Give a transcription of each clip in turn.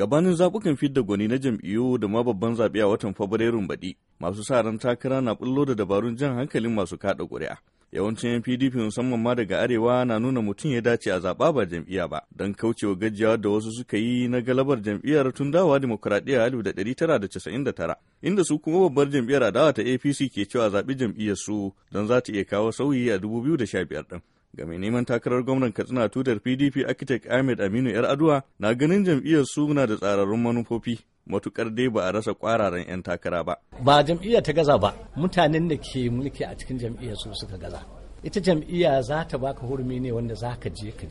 Gabanin zaɓukan fidda gwani na jam'iyyu da ma babban zaɓe a watan Fabrairun baɗi, masu sa ran takara na bullo da dabarun jan hankalin masu kaɗa ƙuri'a. Yawancin 'yan PDP musamman ma daga Arewa na nuna mutum ya dace a zaɓa ba jam'iyya ba, don kaucewa gajiyawa da wasu suka yi na galabar jam'iyyar tun dawa dimokuraɗiyya tara, inda su kuma babbar jam'iyyar adawa ta APC ke cewa zaɓi jam'iyyar su don za ta iya kawo sauyi a 2015 ɗin. ga neman takarar gwamnan katsina tutar pdp architect ahmed aminu yar aduwa na ganin jam'iyyar su na da tsararrun manufofi matukar dai ba a rasa kwararan 'yan takara ba ba jam'iyya ta gaza ba mutanen da ke mulki a cikin jam'iyyar su suka gaza ita jam'iyya za ta baka hurumi ne wanda za ka je ka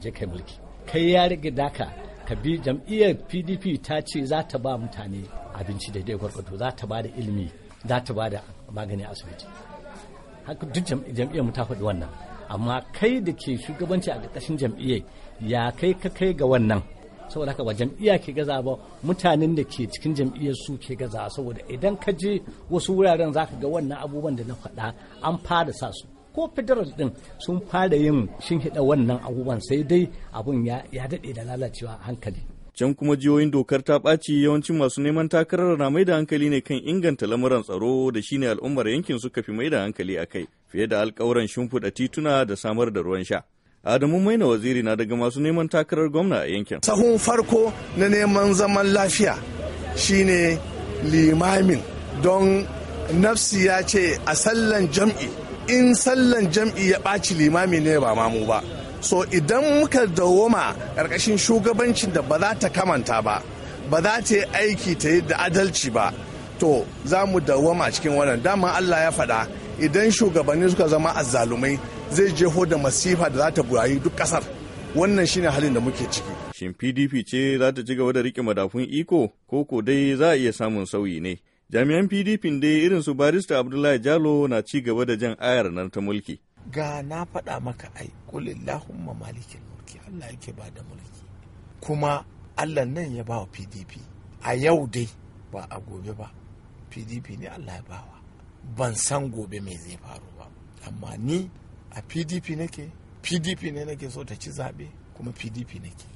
je kai mulki kai ya rage daka ka bi jam'iyyar pdp ta ce za ta ba mutane abinci daidai gwargwado za ta ba da ilimi za ta ba da magani asibiti haka duk jam'iyyar mu ta faɗi wannan amma kai da ke shugabanci a ƙarƙashin jam'iyyar ya kai ka kai ga wannan saboda haka ba jam'iyya ke gaza ba mutanen da ke cikin jam'iyyar su ke gaza saboda idan ka je wasu wuraren zaka ga wannan abubuwan da na faɗa an fara sa su ko federal din sun fara yin shinhiɗa wannan abubuwan sai dai abun ya daɗe da lalacewa hankali can kuma jihohin dokar ta ɓaci yawancin masu neman takarar na mai da hankali ne kan inganta lamuran tsaro da shine al'ummar yankin suka fi mai da hankali a kai fiye da alkawuran shimfiɗa tituna da samar da ruwan sha. Adamu Maina waziri na daga masu neman takarar gwamna a yankin. Sahun farko na neman zaman lafiya shine limamin don nafsi ya ce a sallan jam'i in sallan jam'i ya ɓaci limami ne ba mamu ba. So idan muka dawoma ƙarƙashin shugabancin da ba za ta kamanta ba, ba za ta yi aiki ta yi da adalci ba, to za mu dawoma cikin wannan dama Allah ya faɗa idan shugabanni suka zama azzalumai zai jeho da masifa da za ta burayi duk kasar wannan shine halin da muke ciki shin pdp ce za ta ci gaba da rike madafun iko ko ko dai za a iya samun sauyi ne jami'an pdp dai irin su barista abdullahi jalo na ci gaba da jan ayar nan ta mulki ga na faɗa maka ai kulillahumma malikin mulki allah yake ba da mulki kuma allah nan ya ba wa pdp a yau dai ba a gobe ba pdp ne allah ya bawa ban san gobe mai zai faru ba amma ni a pdp nake pdp ne nake so ta ci zaɓe kuma pdp nake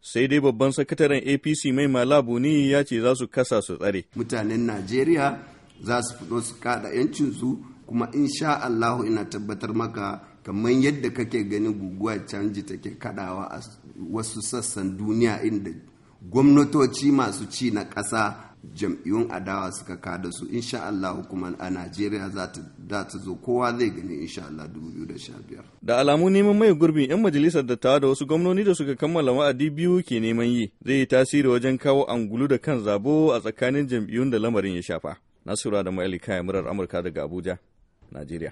sai dai babban sakataren apc mai malabu ni ya ce za su kasa su tsare mutanen najeriya za su fito su kada yancinsu kuma insha allahu ina tabbatar maka kamar yadda kake ganin guguwa canji take kadawa a wasu sassan duniya inda gwamnatoci masu ci na ƙasa jam'iyyun adawa suka kada su insha Allah hukumar a Najeriya za ta zo kowa zai gani insha Allah 2015. Da alamu neman mai gurbin 'yan majalisar dattawa da wasu gwamnoni da suka kammala wa'adi biyu ke neman yi zai yi tasiri wajen kawo angulu da kan zabo a tsakanin jam'iyyun da lamarin ya shafa. Nasura da Ma'ali Kaya Murar Amurka daga Abuja, Najeriya.